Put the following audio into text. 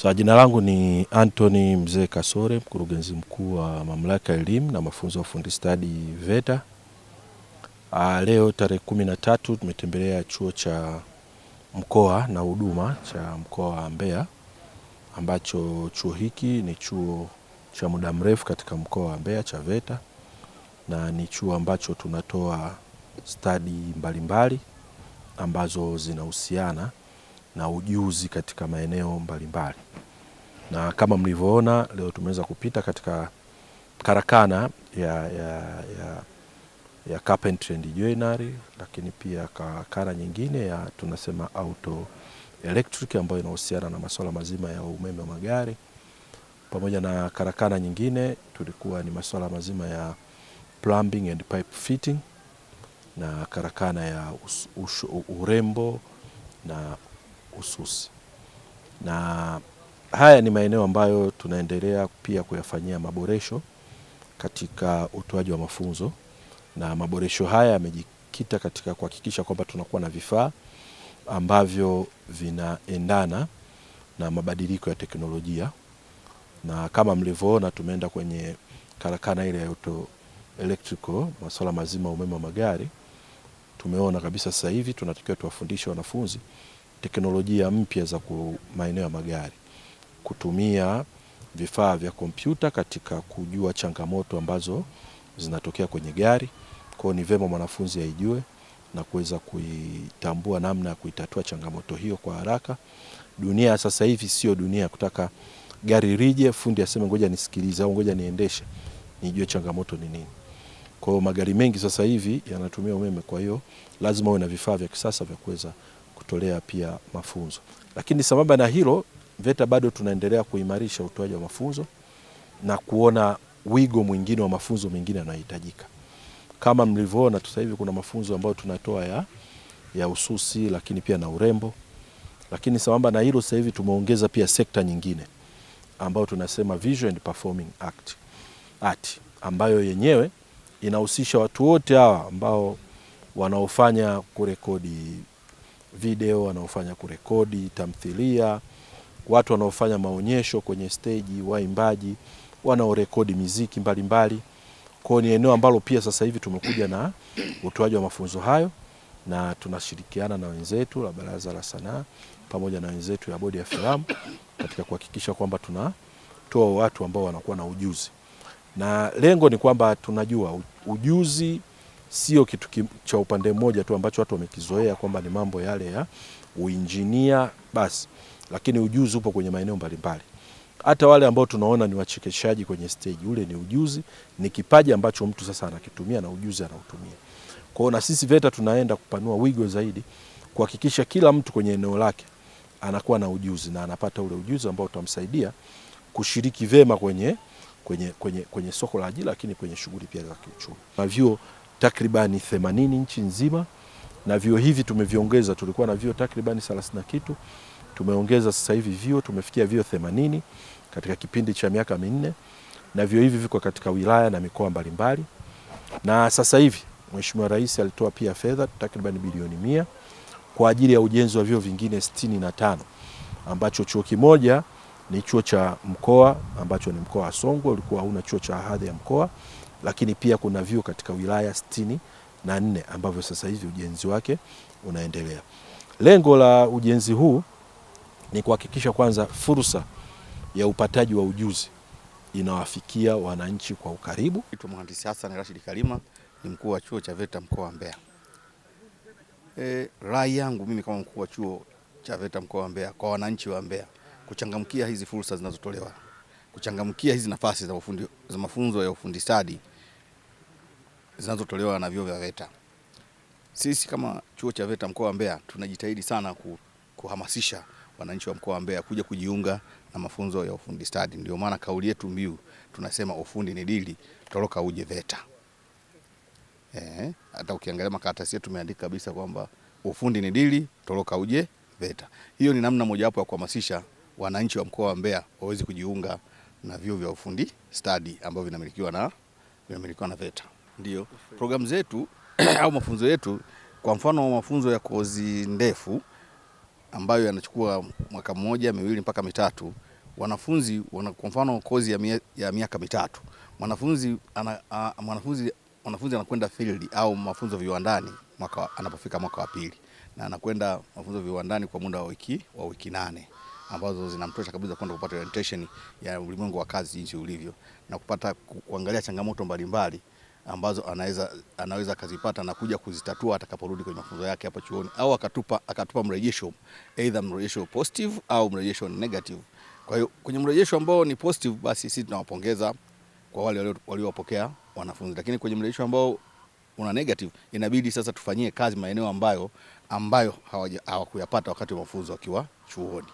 So, jina langu ni Anthony Mzee Kasore, mkurugenzi mkuu wa Mamlaka ya Elimu na Mafunzo ya Ufundi Stadi VETA. A, ah, leo tarehe kumi na tatu tumetembelea chuo cha mkoa na huduma cha mkoa wa Mbeya ambacho chuo hiki ni chuo cha muda mrefu katika mkoa wa Mbeya cha VETA na ni chuo ambacho tunatoa stadi mbalimbali ambazo zinahusiana na ujuzi katika maeneo mbalimbali. Na kama mlivyoona leo tumeweza kupita katika karakana ya, ya, ya, ya carpentry and joinery, lakini pia karakana nyingine ya tunasema auto electric ambayo inahusiana na masuala mazima ya umeme wa magari, pamoja na karakana nyingine tulikuwa ni masuala mazima ya plumbing and pipe fitting na karakana ya us, us, urembo na mahususi, na haya ni maeneo ambayo tunaendelea pia kuyafanyia maboresho katika utoaji wa mafunzo, na maboresho haya yamejikita katika kuhakikisha kwamba tunakuwa na vifaa ambavyo vinaendana na mabadiliko ya teknolojia, na kama mlivyoona tumeenda kwenye karakana ile ya auto electrical, masuala mazima umeme wa magari. Tumeona kabisa sasa hivi tunatakiwa tuwafundishe wanafunzi teknolojia mpya za maeneo ya magari, kutumia vifaa vya kompyuta katika kujua changamoto ambazo zinatokea kwenye gari. Kwao ni vema mwanafunzi aijue na kuweza kuitambua namna ya kuitatua changamoto hiyo kwa haraka. Dunia sasa hivi sio dunia ya kutaka gari lije fundi aseme ngoja nisikilize au ngoja niendeshe nijue changamoto ni nini. Kwa hiyo magari mengi sasa hivi yanatumia umeme, kwa hiyo lazima uwe na vifaa vya kisasa vya kuweza kutolea pia mafunzo. Lakini sambamba na hilo, VETA bado tunaendelea kuimarisha utoaji wa mafunzo na kuona wigo mwingine wa mafunzo mengine yanayohitajika. Kama mlivyoona sasa hivi kuna mafunzo ambayo tunatoa ya, ya ususi lakini pia na urembo. Lakini sambamba na hilo, sasa hivi tumeongeza pia sekta nyingine ambayo tunasema Visual and Performing Act, art ambayo yenyewe inahusisha watu wote hawa ambao wanaofanya kurekodi video, wanaofanya kurekodi tamthilia, watu wanaofanya maonyesho kwenye steji, waimbaji wanaorekodi miziki mbalimbali. Kwa hiyo ni eneo ambalo pia sasa hivi tumekuja na utoaji wa mafunzo hayo, na tunashirikiana na wenzetu la Baraza la Sanaa pamoja na wenzetu ya Bodi ya Filamu katika kuhakikisha kwamba tunatoa watu ambao wanakuwa na ujuzi, na lengo ni kwamba tunajua ujuzi sio kitu cha upande mmoja tu ambacho watu wamekizoea kwamba ni mambo yale ya uinjinia basi, lakini ujuzi upo kwenye maeneo mbalimbali. Hata wale ambao tunaona ni wachekeshaji kwenye stage, ule ni ujuzi, ni kipaji ambacho mtu sasa anakitumia na ujuzi anautumia. Kwa hiyo na sisi VETA tunaenda kupanua wigo zaidi kuhakikisha kila mtu kwenye eneo lake anakuwa na ujuzi na anapata ule ujuzi ambao utamsaidia kushiriki vema kwenye, kwenye, kwenye, kwenye soko la ajira, lakini kwenye shughuli pia za kiuchumi na vyuo takribani 80 nchi nzima, na vyuo hivi tumeviongeza. Tulikuwa na vyuo takribani 30 na kitu, tumeongeza sasa hivi vyuo, tumefikia vyuo 80 katika kipindi cha miaka minne, na vyuo hivi viko katika wilaya na mikoa mbalimbali. Na sasa hivi Mheshimiwa Rais alitoa pia fedha takribani bilioni mia kwa ajili ya ujenzi wa vyuo vingine 65 ambacho chuo kimoja ni chuo cha mkoa ambacho ni mkoa wa Songwe, ulikuwa hauna chuo cha hadhi ya mkoa lakini pia kuna vyuo katika wilaya sitini na nne ambavyo sasa hivi ujenzi wake unaendelea. Lengo la ujenzi huu ni kuhakikisha kwanza fursa ya upataji wa ujuzi inawafikia wananchi kwa ukaribu. Naitwa Mhandisi Hassan Rashid Kalima, ni mkuu wa chuo cha VETA mkoa wa Mbeya. E, rai yangu mimi kama mkuu wa chuo cha VETA mkoa wa Mbeya kwa wananchi wa Mbeya kuchangamkia hizi fursa zinazotolewa, kuchangamkia hizi nafasi za, za mafunzo ya ufundi stadi zinazotolewa na vyuo vya VETA. Sisi kama chuo cha VETA mkoa wa Mbeya tunajitahidi sana kuhamasisha wananchi wa mkoa wa Mbeya kuja kujiunga na mafunzo ya ufundi stadi. Ndio maana kauli yetu mbiu tunasema ufundi ni dili, toroka uje VETA. Eh, hata ukiangalia makaratasi yetu tumeandika kabisa kwamba ufundi ni dili, toroka uje VETA. Hiyo ni namna mojawapo ya kuhamasisha wananchi wa mkoa wa Mbeya waweze kujiunga na vyuo vya ufundi stadi ambavyo vinamilikiwa na vinamilikiwa na VETA. Ndio programu zetu au mafunzo yetu, kwa mfano mafunzo ya kozi ndefu ambayo yanachukua mwaka mmoja miwili mpaka mitatu, wanafunzi wana, kwa mfano kozi ya, ya miaka mitatu, mwanafunzi ana, mwanafunzi mwanafunzi anakwenda field au mafunzo viwandani mwaka, anapofika mwaka wa pili na anakwenda mafunzo viwandani kwa muda wa wiki, wa wiki nane ambazo zinamtosha kabisa kwenda kupata orientation ya ulimwengu wa kazi jinsi ulivyo na kupata kuangalia changamoto mbalimbali mbali ambazo anaweza anaweza akazipata na kuja kuzitatua atakaporudi kwenye mafunzo yake hapa chuoni, au akatupa akatupa mrejesho, either mrejesho positive au mrejesho negative. Kwa hiyo kwenye mrejesho ambao ni positive, basi sisi tunawapongeza kwa wale waliowapokea wanafunzi, lakini kwenye mrejesho ambao una negative, inabidi sasa tufanyie kazi maeneo ambayo ambayo hawakuyapata wakati wa mafunzo wakiwa chuoni.